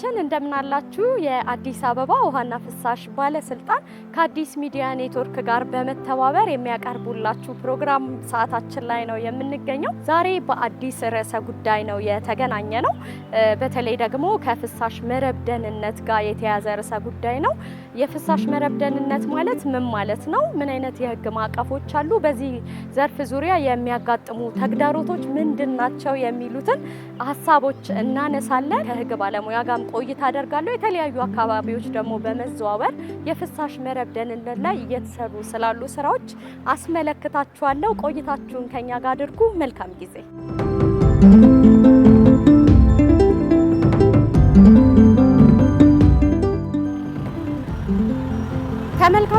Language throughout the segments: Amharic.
ተመልካቾቻችን እንደምናላችሁ የአዲስ አበባ ውሃና ፍሳሽ ባለስልጣን ከአዲስ ሚዲያ ኔትወርክ ጋር በመተባበር የሚያቀርቡላችሁ ፕሮግራም ሰዓታችን ላይ ነው የምንገኘው። ዛሬ በአዲስ ርዕሰ ጉዳይ ነው የተገናኘ ነው። በተለይ ደግሞ ከፍሳሽ መረብ ደህንነት ጋር የተያዘ ርዕሰ ጉዳይ ነው። የፍሳሽ መረብ ደህንነት ማለት ምን ማለት ነው? ምን አይነት የህግ ማዕቀፎች አሉ? በዚህ ዘርፍ ዙሪያ የሚያጋጥሙ ተግዳሮቶች ምንድን ናቸው? የሚሉትን ሀሳቦች እናነሳለን ከህግ ባለሙያ ጋር ቆይታ አደርጋለሁ። የተለያዩ አካባቢዎች ደግሞ በመዘዋወር የፍሳሽ መረብ ደህንነት ላይ እየተሰሩ ስላሉ ስራዎች አስመለክታችኋለሁ። ቆይታችሁን ከኛ ጋር አድርጉ። መልካም ጊዜ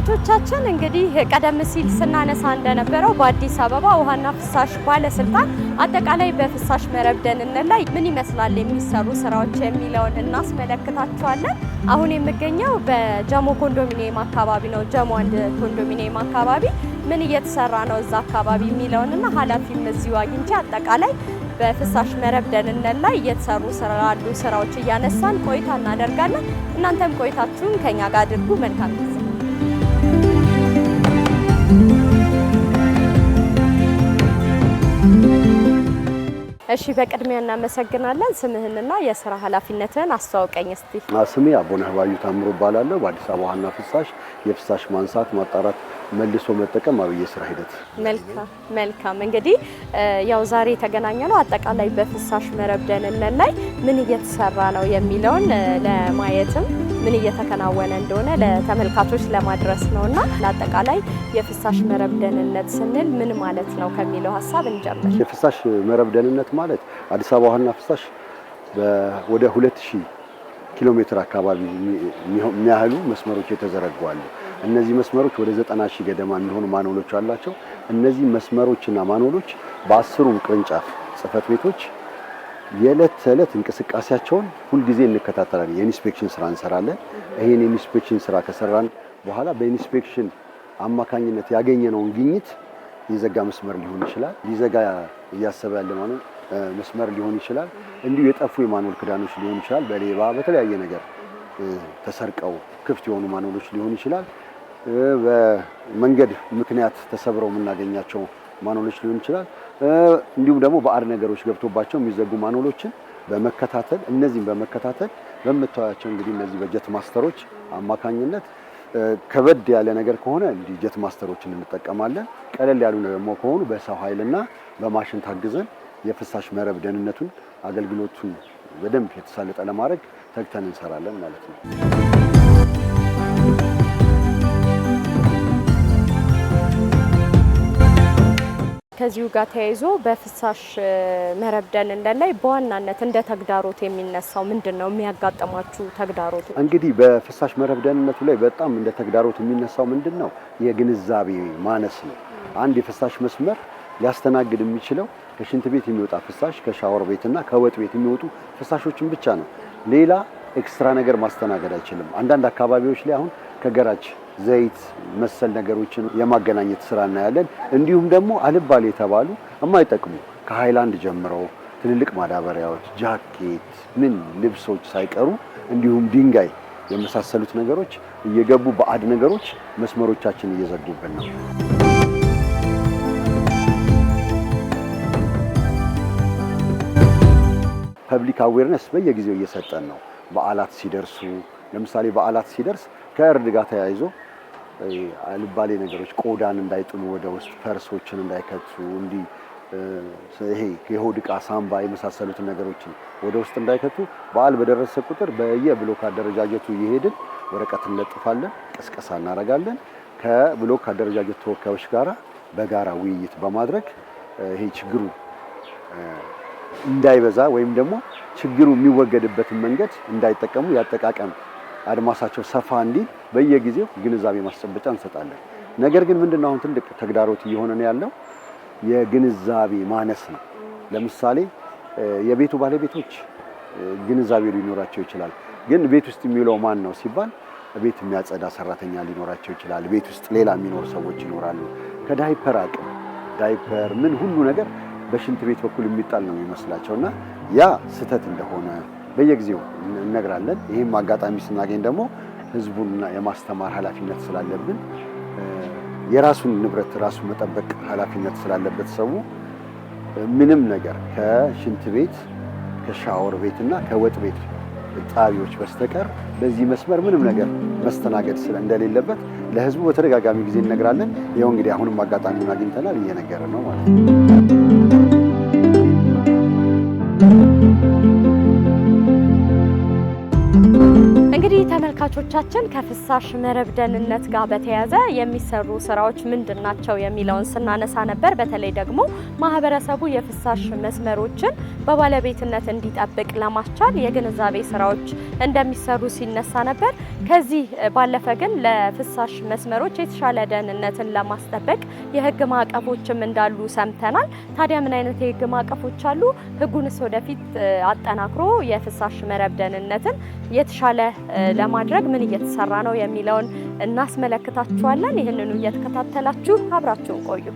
ተመልካቾቻችን እንግዲህ ቀደም ሲል ስናነሳ እንደነበረው በአዲስ አበባ ውሃና ፍሳሽ ባለስልጣን አጠቃላይ በፍሳሽ መረብ ደህንነት ላይ ምን ይመስላል የሚሰሩ ስራዎች የሚለውን እናስመለክታችኋለን። አሁን የምገኘው በጀሞ ኮንዶሚኒየም አካባቢ ነው። ጀሞ አንድ ኮንዶሚኒየም አካባቢ ምን እየተሰራ ነው እዛ አካባቢ እና ኃላፊም እዚሁ አግኝቼ አጠቃላይ በፍሳሽ መረብ ደህንነት ላይ እየተሰሩ ስላሉ ስራዎች እያነሳን ቆይታ እናደርጋለን። እናንተም ቆይታችሁን ከኛ ጋር አድርጉ። መልካም እሺ በቅድሚያ እናመሰግናለን። ስምህንና የስራ ኃላፊነትህን አስተዋውቀኝ እስቲ። ስሜ አቦነህ ባዩ ታምሮ እባላለሁ። በአዲስ አበባ ዋና ፍሳሽ የፍሳሽ ማንሳት፣ ማጣራት፣ መልሶ መጠቀም አብይ ስራ ሂደት። መልካም መልካም። እንግዲህ ያው ዛሬ የተገናኘ ነው አጠቃላይ በፍሳሽ መረብ ደህንነት ላይ ምን እየተሰራ ነው የሚለውን ለማየትም ምን እየተከናወነ እንደሆነ ለተመልካቾች ለማድረስ ነው እና ለአጠቃላይ የፍሳሽ መረብ ደህንነት ስንል ምን ማለት ነው ከሚለው ሀሳብ እንጀምር። የፍሳሽ መረብ ደህንነት ማለት አዲስ አበባ ውሃና ፍሳሽ ወደ 2000 ኪሎ ሜትር አካባቢ የሚያህሉ መስመሮች የተዘረጉ አሉ። እነዚህ መስመሮች ወደ 90 ሺህ ገደማ የሚሆኑ ማኖሎች አሏቸው። እነዚህ መስመሮችና ማኖሎች በአስሩ ቅርንጫፍ ጽህፈት ቤቶች የዕለት ተዕለት እንቅስቃሴያቸውን ሁልጊዜ እንከታተላለን። የኢንስፔክሽን ስራ እንሰራለን። ይህን የኢንስፔክሽን ስራ ከሰራን በኋላ በኢንስፔክሽን አማካኝነት ያገኘነውን ግኝት የዘጋ መስመር ሊሆን ይችላል፣ ሊዘጋ እያሰበ ያለ ማለት መስመር ሊሆን ይችላል። እንዲሁ የጠፉ የማኖል ክዳኖች ሊሆን ይችላል፣ በሌባ በተለያየ ነገር ተሰርቀው ክፍት የሆኑ ማኖሎች ሊሆን ይችላል። በመንገድ ምክንያት ተሰብረው የምናገኛቸው ማኖሎች ሊሆን ይችላል። እንዲሁም ደግሞ ባዕድ ነገሮች ገብቶባቸው የሚዘጉ ማኖሎችን በመከታተል እነዚህም በመከታተል በምታያቸው እንግዲህ እነዚህ በጀት ማስተሮች አማካኝነት ከበድ ያለ ነገር ከሆነ እንዲህ ጀት ማስተሮችን እንጠቀማለን። ቀለል ያሉ ደግሞ ከሆኑ በሰው ኃይልና በማሽን ታግዘን የፍሳሽ መረብ ደህንነቱን አገልግሎቱን በደንብ የተሳለጠ ለማድረግ ተግተን እንሰራለን ማለት ነው። ከዚሁ ጋር ተያይዞ በፍሳሽ መረብደል እንደላይ በዋናነት እንደ ተግዳሮት የሚነሳው ምንድን ነው? የሚያጋጥማችሁ ተግዳሮቱ? እንግዲህ በፍሳሽ መረብደልነቱ ላይ በጣም እንደ ተግዳሮት የሚነሳው ምንድን ነው? የግንዛቤ ማነስ ነው። አንድ የፍሳሽ መስመር ሊያስተናግድ የሚችለው ከሽንት ቤት የሚወጣ ፍሳሽ፣ ከሻወር ቤትና ከወጥ ቤት የሚወጡ ፍሳሾችን ብቻ ነው። ሌላ ኤክስትራ ነገር ማስተናገድ አይችልም። አንዳንድ አካባቢዎች ላይ አሁን ከገራጅ ዘይት መሰል ነገሮችን የማገናኘት ስራ እናያለን። እንዲሁም ደግሞ አልባል የተባሉ የማይጠቅሙ ከሃይላንድ ጀምሮ ትልልቅ ማዳበሪያዎች፣ ጃኬት፣ ምን ልብሶች ሳይቀሩ እንዲሁም ድንጋይ የመሳሰሉት ነገሮች እየገቡ በአድ ነገሮች መስመሮቻችን እየዘጉብን ነው። ፐብሊክ አዌርነስ በየጊዜው እየሰጠን ነው። በዓላት ሲደርሱ ለምሳሌ በዓላት ሲደርስ ከእርድ ጋር ተያይዞ አልባሌ ነገሮች ቆዳን እንዳይጥሉ ወደ ውስጥ ፈርሶችን እንዳይከቱ እንዲህ ይሄ የሆድ ዕቃ ሳምባ የመሳሰሉትን ነገሮችን ወደ ውስጥ እንዳይከቱ በዓል በደረሰ ቁጥር በየብሎክ አደረጃጀቱ እየሄድን ወረቀት እንለጥፋለን፣ ቅስቀሳ እናደርጋለን። ከብሎክ አደረጃጀት ተወካዮች ጋራ በጋራ ውይይት በማድረግ ይሄ ችግሩ እንዳይበዛ ወይም ደግሞ ችግሩ የሚወገድበትን መንገድ እንዳይጠቀሙ ያጠቃቀም አድማሳቸው ሰፋ እንዲል በየጊዜው ግንዛቤ ማስጨበጫ እንሰጣለን። ነገር ግን ምንድነው አሁን ትልቅ ተግዳሮት እየሆነ ነው ያለው የግንዛቤ ማነስ ነው። ለምሳሌ የቤቱ ባለቤቶች ግንዛቤ ሊኖራቸው ይችላል። ግን ቤት ውስጥ የሚውለው ማን ነው ሲባል ቤት የሚያጸዳ ሰራተኛ ሊኖራቸው ይችላል። ቤት ውስጥ ሌላ የሚኖር ሰዎች ይኖራሉ። ከዳይፐር አቅም ዳይፐር ምን ሁሉ ነገር በሽንት ቤት በኩል የሚጣል ነው የሚመስላቸው እና ያ ስህተት እንደሆነ በየጊዜው እነግራለን። ይህም አጋጣሚ ስናገኝ ደግሞ ህዝቡን የማስተማር ኃላፊነት ስላለብን የራሱን ንብረት ራሱን መጠበቅ ኃላፊነት ስላለበት ሰው ምንም ነገር ከሽንት ቤት ከሻወር ቤት እና ከወጥ ቤት ጣቢዎች በስተቀር በዚህ መስመር ምንም ነገር መስተናገድ እንደሌለበት ለህዝቡ በተደጋጋሚ ጊዜ እነግራለን። ይኸው እንግዲህ አሁንም አጋጣሚውን አግኝተናል፣ እየነገረ ነው ማለት ነው። እንግዲህ ተመልካቾቻችን ከፍሳሽ መረብ ደህንነት ጋር በተያያዘ የሚሰሩ ስራዎች ምንድን ናቸው የሚለውን ስናነሳ ነበር። በተለይ ደግሞ ማህበረሰቡ የፍሳሽ መስመሮችን በባለቤትነት እንዲጠብቅ ለማስቻል የግንዛቤ ስራዎች እንደሚሰሩ ሲነሳ ነበር። ከዚህ ባለፈ ግን ለፍሳሽ መስመሮች የተሻለ ደህንነትን ለማስጠበቅ የህግ ማዕቀፎችም እንዳሉ ሰምተናል። ታዲያ ምን አይነት የህግ ማዕቀፎች አሉ? ህጉንስ ወደፊት አጠናክሮ የፍሳሽ መረብ ደህንነትን የተሻለ ለማድረግ ምን እየተሰራ ነው የሚለውን እናስመለክታችኋለን። ይህንኑ እየተከታተላችሁ አብራችሁን ቆዩ።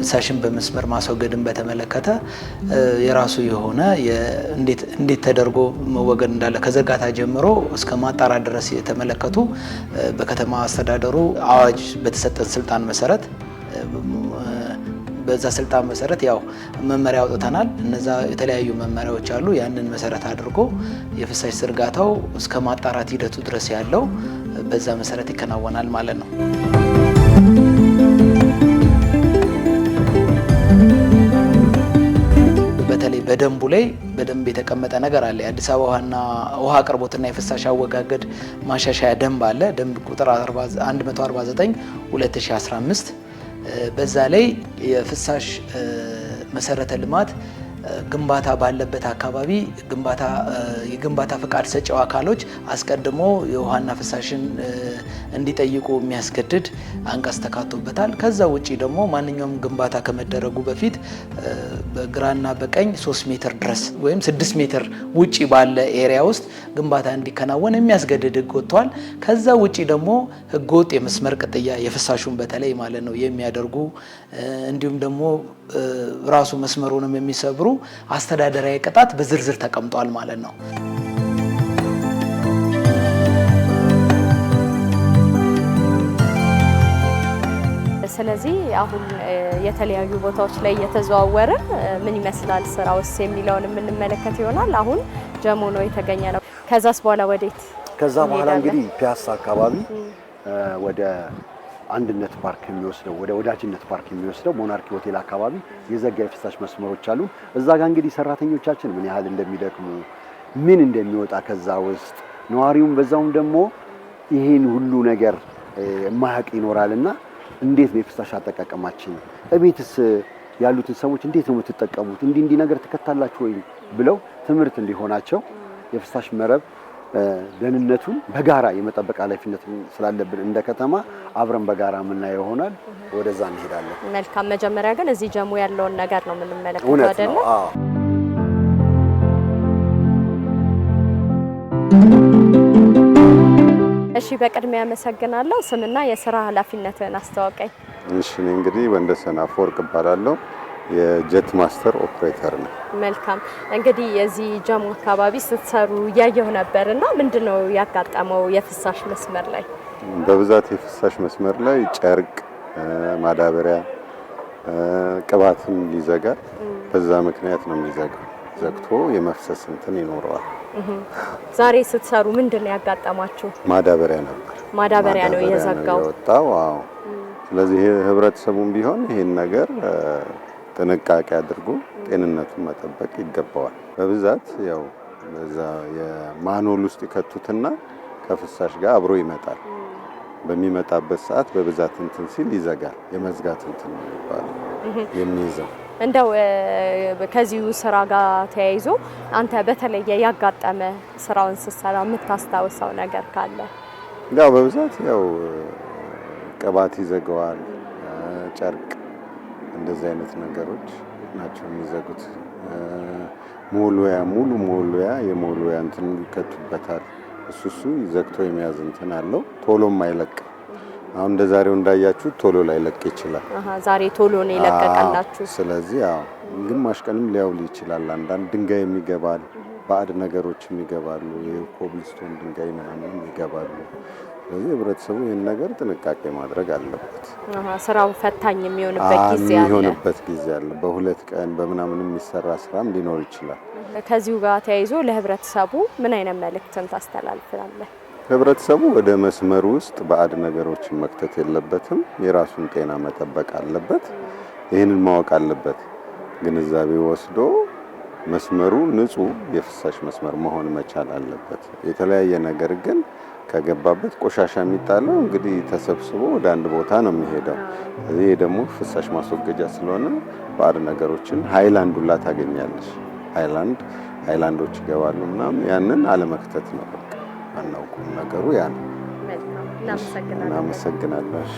ፍሳሽን በመስመር ማስወገድን በተመለከተ የራሱ የሆነ እንዴት ተደርጎ መወገድ እንዳለ ከዝርጋታ ጀምሮ እስከ ማጣራ ድረስ የተመለከቱ በከተማ አስተዳደሩ አዋጅ በተሰጠን ስልጣን መሰረት በዛ ስልጣን መሰረት ያው መመሪያ አውጥተናል። እነዛ የተለያዩ መመሪያዎች አሉ። ያንን መሰረት አድርጎ የፍሳሽ ዝርጋታው እስከ ማጣራት ሂደቱ ድረስ ያለው በዛ መሰረት ይከናወናል ማለት ነው። በተለይ በደንቡ ላይ በደንብ የተቀመጠ ነገር አለ። የአዲስ አበባ ውሃና ውሃ አቅርቦትና የፍሳሽ አወጋገድ ማሻሻያ ደንብ አለ። ደንብ ቁጥር 149 2015 በዛ ላይ የፍሳሽ መሰረተ ልማት ግንባታ ባለበት አካባቢ ግንባታ የግንባታ ፈቃድ ሰጪው አካሎች አስቀድሞ የውሃና ፍሳሽን እንዲጠይቁ የሚያስገድድ አንቀጽ ተካቶበታል። ከዛ ውጪ ደግሞ ማንኛውም ግንባታ ከመደረጉ በፊት በግራና በቀኝ 3 ሜትር ድረስ ወይም 6 ሜትር ውጪ ባለ ኤሪያ ውስጥ ግንባታ እንዲከናወን የሚያስገድድ ህግ ወጥቷል። ከዛ ውጪ ደግሞ ህገወጥ የመስመር ቅጥያ የፍሳሹን በተለይ ማለት ነው የሚያደርጉ እንዲሁም ደግሞ ራሱ መስመሩንም የሚሰብሩ አስተዳደራዊ ቅጣት በዝርዝር ተቀምጧል ማለት ነው። ስለዚህ አሁን የተለያዩ ቦታዎች ላይ እየተዘዋወርን ምን ይመስላል ስራ ውስ የሚለውን የምንመለከት ይሆናል። አሁን ጀሞ ነው የተገኘ ነው። ከዛስ በኋላ ወዴት? ከዛ በኋላ እንግዲህ ፒያሳ አካባቢ ወደ አንድነት ፓርክ የሚወስደው ወደ ወዳጅነት ፓርክ የሚወስደው ሞናርኪ ሆቴል አካባቢ የዘጋ የፍሳሽ መስመሮች አሉ። እዛ ጋር እንግዲህ ሰራተኞቻችን ምን ያህል እንደሚደክሙ ምን እንደሚወጣ ከዛ ውስጥ ነዋሪውም በዛውም ደግሞ ይህን ሁሉ ነገር ማያቅ ይኖራል እንዴት ነው የፍሳሽ አጠቃቀማችን እቤትስ ያሉትን ሰዎች እንዴት ነው የምትጠቀሙት እንዲህ እንዲህ ነገር ትከታላችሁ ወይ ብለው ትምህርት እንዲሆናቸው የፍሳሽ መረብ ደህንነቱን በጋራ የመጠበቅ ኃላፊነት ስላለብን እንደ ከተማ አብረን በጋራ የምናየው ይሆናል። ወደዛ እንሄዳለን። መልካም። መጀመሪያ ግን እዚህ ጀሙ ያለውን ነገር ነው የምንመለከተው አይደለ? እሺ፣ በቅድሚያ አመሰግናለሁ። ስምና የስራ ኃላፊነትን አስተዋውቀኝ። እሺ፣ እኔ እንግዲህ ወንደሰን አፈወርቅ እባላለሁ። የጀት ማስተር ኦፕሬተር ነው። መልካም እንግዲህ የዚህ ጀሞ አካባቢ ስትሰሩ እያየው ነበር እና ምንድን ነው ያጋጠመው? የፍሳሽ መስመር ላይ በብዛት የፍሳሽ መስመር ላይ ጨርቅ፣ ማዳበሪያ፣ ቅባትም ይዘጋል። በዛ ምክንያት ነው የሚዘጋ ዘግቶ የመፍሰስ እንትን ይኖረዋል። ዛሬ ስትሰሩ ምንድን ነው ያጋጠማችሁ? ማዳበሪያ ነበር። ማዳበሪያ ነው የዘጋው ወጣው። ስለዚህ ህብረተሰቡም ቢሆን ይሄን ነገር ጥንቃቄ አድርጎ ጤንነቱን መጠበቅ ይገባዋል። በብዛት ያው በዛ የማኖል ውስጥ ይከቱትና ከፍሳሽ ጋር አብሮ ይመጣል። በሚመጣበት ሰዓት በብዛት እንትን ሲል ይዘጋል። የመዝጋት እንትን ነው የሚባለው የሚይዘው። እንደው ከዚሁ ስራ ጋር ተያይዞ አንተ በተለየ ያጋጠመ ስራውን ስትሰራ የምታስታውሰው ነገር ካለ? ያው በብዛት ያው ቅባት ይዘገዋል ጨርቅ እንደዚህ አይነት ነገሮች ናቸው የሚዘጉት። መወልወያ ሙሉ መወልወያ የመወልወያ እንትን ይከቱበታል። እሱ እሱ ዘግቶ የመያዝ እንትን አለው። ቶሎም አይለቅ። አሁን እንደ ዛሬው እንዳያችሁ ቶሎ ላይለቅ ይችላል። ዛሬ ቶሎ ነው የለቀቀላችሁ። ስለዚህ አዎ፣ ግማሽ ቀንም ሊያውል ይችላል። አንዳንድ ድንጋይም ይገባል፣ ባዕድ ነገሮችም ይገባሉ። የኮብልስቶን ድንጋይ ምናምን ይገባሉ። ስለዚህ ህብረተሰቡ ይህን ነገር ጥንቃቄ ማድረግ አለበት። ስራው ፈታኝ የሚሆንበት ጊዜ አለ። በሁለት ቀን በምናምን የሚሰራ ስራም ሊኖር ይችላል። ከዚሁ ጋር ተያይዞ ለህብረተሰቡ ምን አይነት መልእክትን ታስተላልፋለህ? ህብረተሰቡ ወደ መስመር ውስጥ ባዕድ ነገሮችን መክተት የለበትም። የራሱን ጤና መጠበቅ አለበት። ይህንን ማወቅ አለበት። ግንዛቤ ወስዶ መስመሩ ንጹህ የፍሳሽ መስመር መሆን መቻል አለበት። የተለያየ ነገር ግን ከገባበት ቆሻሻ የሚጣለው እንግዲህ ተሰብስቦ ወደ አንድ ቦታ ነው የሚሄደው። ይህ ደግሞ ፍሳሽ ማስወገጃ ስለሆነ ባዕድ ነገሮችን ሃይላንድ ሁላ ታገኛለች። ሀይላንድ ሃይላንዶች ይገባሉ ምናምን ያንን አለመክተት ነው በቃ። አናውቁም ነገሩ ያ ነው። እናመሰግናለሽ።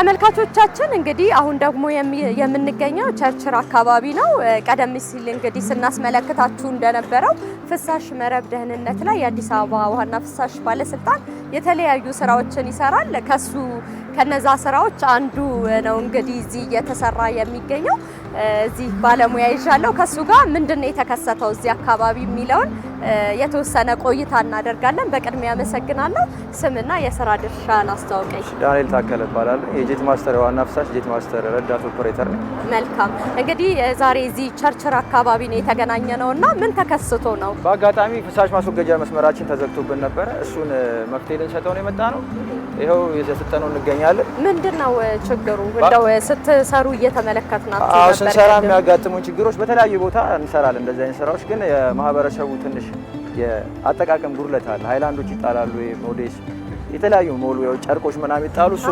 ተመልካቾቻችን እንግዲህ አሁን ደግሞ የምንገኘው ቸርችር አካባቢ ነው። ቀደም ሲል እንግዲህ ስናስመለክታችሁ እንደነበረው ፍሳሽ መረብ ደህንነት ላይ የአዲስ አበባ ውሃና ፍሳሽ ባለስልጣን የተለያዩ ስራዎችን ይሰራል። ከሱ ከነዛ ስራዎች አንዱ ነው እንግዲህ እዚህ እየተሰራ የሚገኘው። እዚህ ባለሙያ ይዣለሁ። ከሱ ጋር ምንድን ነው የተከሰተው እዚህ አካባቢ የሚለውን የተወሰነ ቆይታ እናደርጋለን። በቅድሚያ አመሰግናለሁ። ስምና የስራ ድርሻ አስተዋውቀኝ። ዳንኤል ታከለ ይባላል። የጄት ማስተር ዋና ፍሳሽ ጄት ማስተር ረዳት ኦፕሬተር ነኝ። መልካም። እንግዲህ ዛሬ እዚህ ቸርችር አካባቢ ነው የተገናኘ ነው እና ምን ተከስቶ ነው? በአጋጣሚ ፍሳሽ ማስወገጃ መስመራችን ተዘግቶብን ነበረ። እሱን መፍትሄ ልንሰጠው ነው የመጣ ነው ይኸው እየሰጠነው እንገኛለን። ምንድን ነው ችግሩ? እንደው ስትሰሩ እየተመለከትናት አዎ፣ ስንሰራ የሚያጋጥሙ ችግሮች በተለያዩ ቦታ እንሰራለን። እንደዚህ አይነት ስራዎች ግን የማህበረሰቡ ትንሽ የአጠቃቀም ጉድለት አለ። ሀይላንዶች ይጣላሉ፣ ሞዴስ የተለያዩ ሞሉ ጨርቆች ምናምን ይጣሉ። እሱ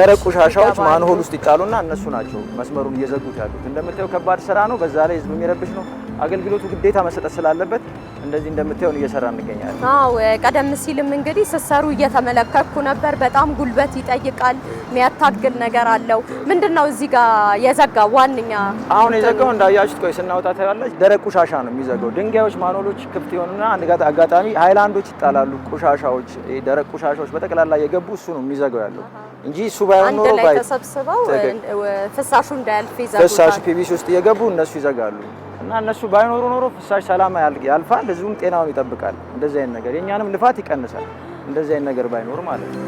ደረቅ ቆሻሻዎች ማንሆል ውስጥ ይጣሉና እነሱ ናቸው መስመሩን እየዘጉት ያሉት። እንደምታየው ከባድ ስራ ነው። በዛ ላይ ህዝብ የሚረብሽ ነው። አገልግሎቱ ግዴታ መሰጠት ስላለበት እንደዚህ እንደምታየውን እየሰራ እንገኛለን። አዎ ቀደም ሲልም እንግዲህ ስትሰሩ እየተመለከትኩ ነበር። በጣም ጉልበት ይጠይቃል፣ የሚያታግል ነገር አለው። ምንድን ነው እዚህ ጋር የዘጋ ዋነኛ? አሁን የዘጋው እንዳያችሁት፣ ቆይ ስናወጣ ታያለች። ደረቅ ቆሻሻ ነው የሚዘጋው። ድንጋዮች፣ ማኖሎች ክፍት የሆኑና አንድ ጋር አጋጣሚ ሃይላንዶች ይጣላሉ። ቁሻሻዎች፣ ደረቅ ቁሻሻዎች በጠቅላላ የገቡ እሱ ነው የሚዘጋው ያለው እንጂ እሱ ባይሆን ኖሮ ባይ ተሰብስበው ፍሳሹ እንዳያልፍ ይዘጋሉ። ፍሳሹ ፒቪሲ ውስጥ የገቡ እነሱ ይዘጋሉ። እና እነሱ ባይኖሩ ኖሮ ፍሳሽ ሰላም ያልፋል፣ ህዝቡም ጤናውን ይጠብቃል። እንደዚህ አይነት ነገር የእኛንም ልፋት ይቀንሳል። እንደዚህ አይነት ነገር ባይኖር ማለት ነው።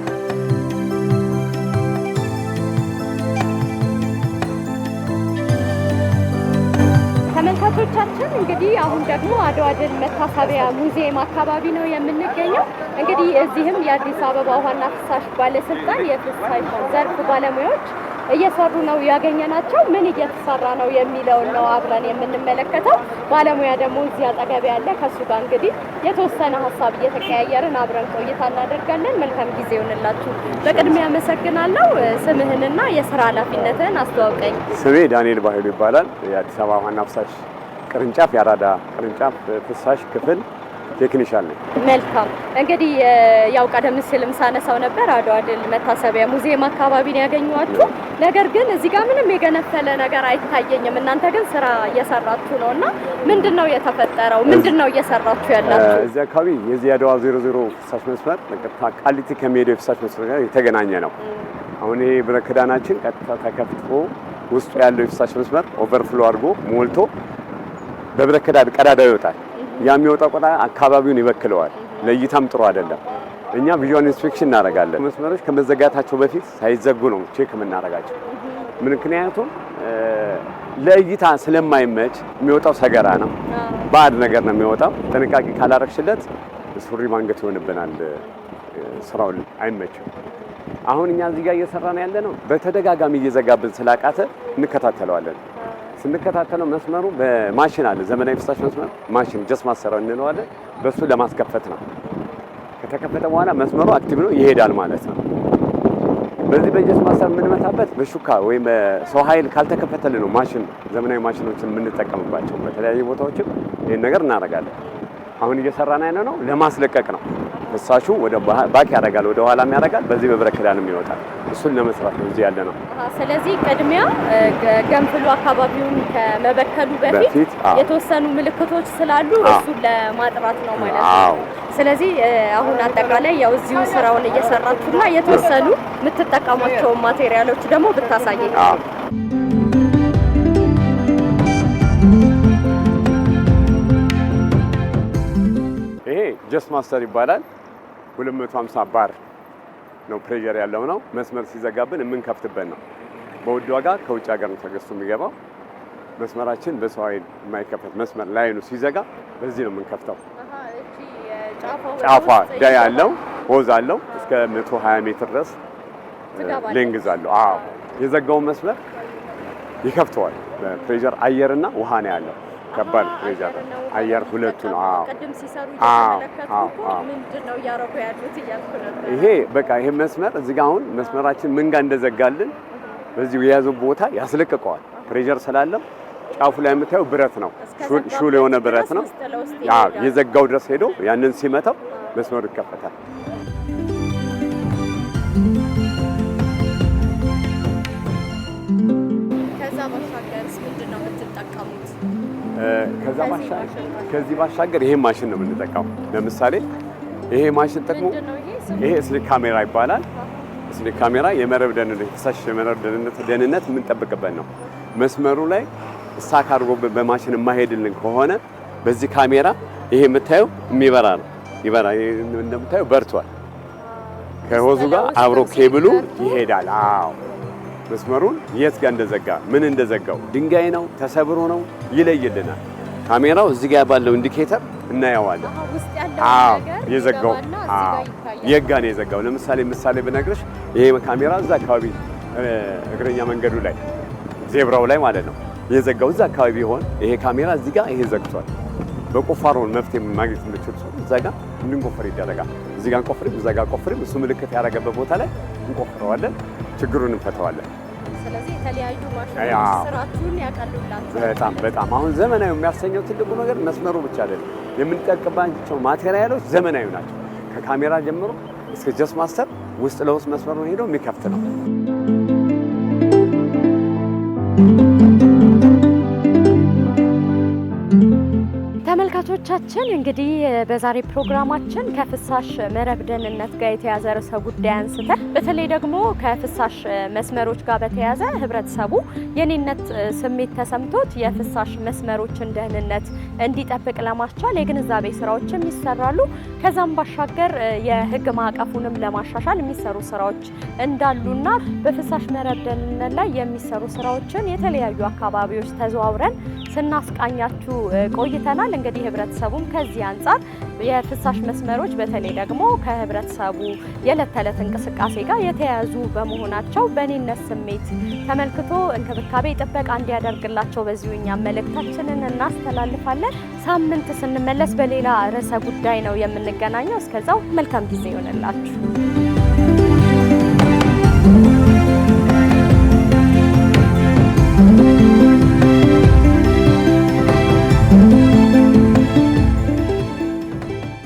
ተመልካቾቻችን እንግዲህ አሁን ደግሞ አድዋ ድል መታሰቢያ ሙዚየም አካባቢ ነው የምንገኘው። እንግዲህ እዚህም የአዲስ አበባ ውሃና ፍሳሽ ባለስልጣን የፍሳሽ ዘርፍ ባለሙያዎች እየሰሩ ነው ያገኘናቸው። ምን እየተሰራ ነው የሚለውን ነው አብረን የምንመለከተው። ባለሙያ ደግሞ እዚህ አጠገብ ያለ ከሱ ጋር እንግዲህ የተወሰነ ሀሳብ እየተቀያየርን አብረን ቆይታ እናደርጋለን። መልካም ጊዜ ይሆንላችሁ። በቅድሚያ አመሰግናለሁ። ስምህንና የስራ ኃላፊነትህን አስተዋውቀኝ። ስሜ ዳንኤል ባህሉ ይባላል። የአዲስ አበባ ዋና ፍሳሽ ቅርንጫፍ የአራዳ ቅርንጫፍ ፍሳሽ ክፍል ቴክኒሻን ነኝ። መልካም እንግዲህ ያው ቀደም ሲልም ሳነሳው ነበር አድዋ ድል መታሰቢያ ሙዚየም አካባቢ ነው ያገኘኋችሁ። ነገር ግን እዚህ ጋር ምንም የገነፈለ ነገር አይታየኝም። እናንተ ግን ስራ እየሰራችሁ ነው እና ምንድን ነው የተፈጠረው? ምንድን ነው እየሰራችሁ ያላችሁ? እዚህ አካባቢ የዚህ የአድዋ ዜሮ ዜሮ ፍሳሽ መስመር በቀጥታ ቃሊቲ ከሚሄደው የፍሳሽ መስመር ጋር የተገናኘ ነው። አሁን ይሄ ብረክዳናችን ቀጥታ ተከፍቶ ውስጡ ያለው የፍሳሽ መስመር ኦቨርፍሎ አድርጎ ሞልቶ በብረክዳድ ቀዳዳ ይወጣል። ያ የሚወጣው ቆጣ አካባቢውን ይበክለዋል፣ ለእይታም ጥሩ አይደለም። እኛ ቪዥዋል ኢንስፔክሽን እናደርጋለን። መስመሮች ከመዘጋታቸው በፊት ሳይዘጉ ነው ቼክ የምናደርጋቸው። ምክንያቱም ለእይታ ስለማይመች የሚወጣው ሰገራ ነው፣ ባዕድ ነገር ነው የሚወጣው። ጥንቃቄ ካላረግሽለት ሱሪ ማንገት ይሆንብናል፣ ስራውን አይመችም። አሁን እኛ እዚህ ጋር ነው ያለ ነው። በተደጋጋሚ እየዘጋብን ስላቃተ እንከታተለዋለን። ስንከታተለው መስመሩ በማሽን አለ። ዘመናዊ ፍሳሽ መስመር ማሽን ጀስ ማሰራው እንለዋለን። በሱ ለማስከፈት ነው። ከተከፈተ በኋላ መስመሩ አክቲቭ ነው ይሄዳል ማለት ነው። በዚህ በጀስ ማሰር የምንመታበት በሹካ ወይም ሰው ኃይል ካልተከፈተልን ነው ማሽን ዘመናዊ ማሽኖችን የምንጠቀምባቸው። በተለያዩ ቦታዎችም ይህን ነገር እናደርጋለን። አሁን እየሰራን ያለ ነው ለማስለቀቅ ነው። ፍሳሹ ወደ ባክ ያደርጋል፣ ወደ ኋላም ያደርጋል። በዚህ በብረት ክዳንም ይወጣል። እሱን ለመስራት ነው እዚህ ያለ ነው። ስለዚህ ቅድሚያ ገንፍሉ አካባቢውን ከመበከሉ በፊት የተወሰኑ ምልክቶች ስላሉ እሱን ለማጥራት ነው ማለት ነው። ስለዚህ አሁን አጠቃላይ ያው እዚሁ ስራውን እየሰራችሁና የተወሰኑ የምትጠቀሟቸውን ማቴሪያሎች ደግሞ ብታሳይ ይሄ ጀስት ማስተር ይባላል። 250 ባር ነው ፕሬዠር ያለው ነው። መስመር ሲዘጋብን የምንከፍትበት ነው። በውድ ዋጋ ከውጭ ሀገር ነው ተገዝቶ የሚገባው። መስመራችን በሰው አይን የማይከፈት መስመር ላይኑ ሲዘጋ በዚህ ነው የምንከፍተው። ጫፏ ዳይ አለው ሆዝ አለው እስከ 120 ሜትር ድረስ ሌንግዝ አለው። አዎ የዘጋውን መስመር ይከፍተዋል። ፕሬዠር አየርና ውሃ ነው ያለው። ከባድ ትሬዛር አየር ሁለቱ ነው። ይሄ በቃ ይሄ መስመር እዚህ ጋር አሁን መስመራችን ምን ጋር እንደዘጋልን በዚህ የያዘው ቦታ ያስለቅቀዋል። ፕሬዠር ስላለም ጫፉ ላይ የምታየው ብረት ነው፣ ሹል የሆነ ብረት ነው። የዘጋው ድረስ ሄዶ ያንን ሲመታው መስመሩ ይከፈታል። ከዛ ባሻገርስ ምንድን ነው የምትጠቀሙት? ከዚህ ባሻገር ይሄ ማሽን ነው የምንጠቀመው። ለምሳሌ ይሄ ማሽን ጠቅሞ ይሄ ስሊክ ካሜራ ይባላል። ስሊክ ካሜራ የመረብ ደህንነት የፈሳሽ የመረብ ደህንነት የምንጠብቅበት ነው። መስመሩ ላይ እሳካ አድርጎ በማሽን የማሄድልን ከሆነ በዚህ ካሜራ ይሄ የምታየው የሚበራ ነው ይበራ። እንደምታየው በርቷል። ከሆዙ ጋር አብሮ ኬብሉ ይሄዳል። አዎ መስመሩን የት ጋር እንደዘጋ ምን እንደዘጋው ድንጋይ ነው ተሰብሮ ነው ይለይልናል። ካሜራው እዚህ ጋር ባለው ኢንዲኬተር እናየዋለን። አዎ የዘጋው አዎ ነው የዘጋው። ለምሳሌ ምሳሌ ብነግርሽ ይሄ ካሜራ እዛ አካባቢ እግረኛ መንገዱ ላይ ዜብራው ላይ ማለት ነው የዘጋው እዛ አካባቢ ቢሆን ይሄ ካሜራ እዚህ ጋር ይሄ ዘግቷል። በቁፋሮን መፍትሄ ማግኘት እንችል ሰው እዛ ጋር እንድንቆፍር ይደረጋል። እዚህ ጋር እንቆፍርም እዛ ጋር ቆፍርም እሱ ምልክት ያደረገበት ቦታ ላይ እንቆፍረዋለን። ችግሩን እንፈተዋለን። ስለዚህ የተለያዩ ማሽኖች ስራችሁን በጣም በጣም አሁን ዘመናዊ የሚያሰኘው ትልቁ ነገር መስመሩ ብቻ አይደለም። የምንጠቅባቸው ማቴሪያሎች ዘመናዊ ናቸው። ከካሜራ ጀምሮ እስከ ጀስ ማስተር ውስጥ ለውስጥ መስመሩን ሄደው የሚከፍት ነው። ተመልካቾቻችን እንግዲህ በዛሬ ፕሮግራማችን ከፍሳሽ መረብ ደህንነት ጋር የተያዘ ርዕሰ ጉዳይ አንስተ በተለይ ደግሞ ከፍሳሽ መስመሮች ጋር በተያዘ ህብረተሰቡ የኔነት ስሜት ተሰምቶት የፍሳሽ መስመሮችን ደህንነት እንዲጠብቅ ለማስቻል የግንዛቤ ስራዎችም ይሰራሉ። ከዛም ባሻገር የህግ ማዕቀፉንም ለማሻሻል የሚሰሩ ስራዎች እንዳሉና በፍሳሽ መረብ ደህንነት ላይ የሚሰሩ ስራዎችን የተለያዩ አካባቢዎች ተዘዋውረን ስናስቃኛችሁ ቆይተናል። እንግዲህ ህብረ ህብረተሰቡም ከዚህ አንጻር የፍሳሽ መስመሮች በተለይ ደግሞ ከህብረተሰቡ የዕለት ተዕለት እንቅስቃሴ ጋር የተያያዙ በመሆናቸው በኔነት ስሜት ተመልክቶ እንክብካቤ ጥበቃ እንዲያደርግላቸው በዚሁ እኛ መልእክታችንን እናስተላልፋለን። ሳምንት ስንመለስ በሌላ ርዕሰ ጉዳይ ነው የምንገናኘው። እስከዛው መልካም ጊዜ ይሆንላችሁ።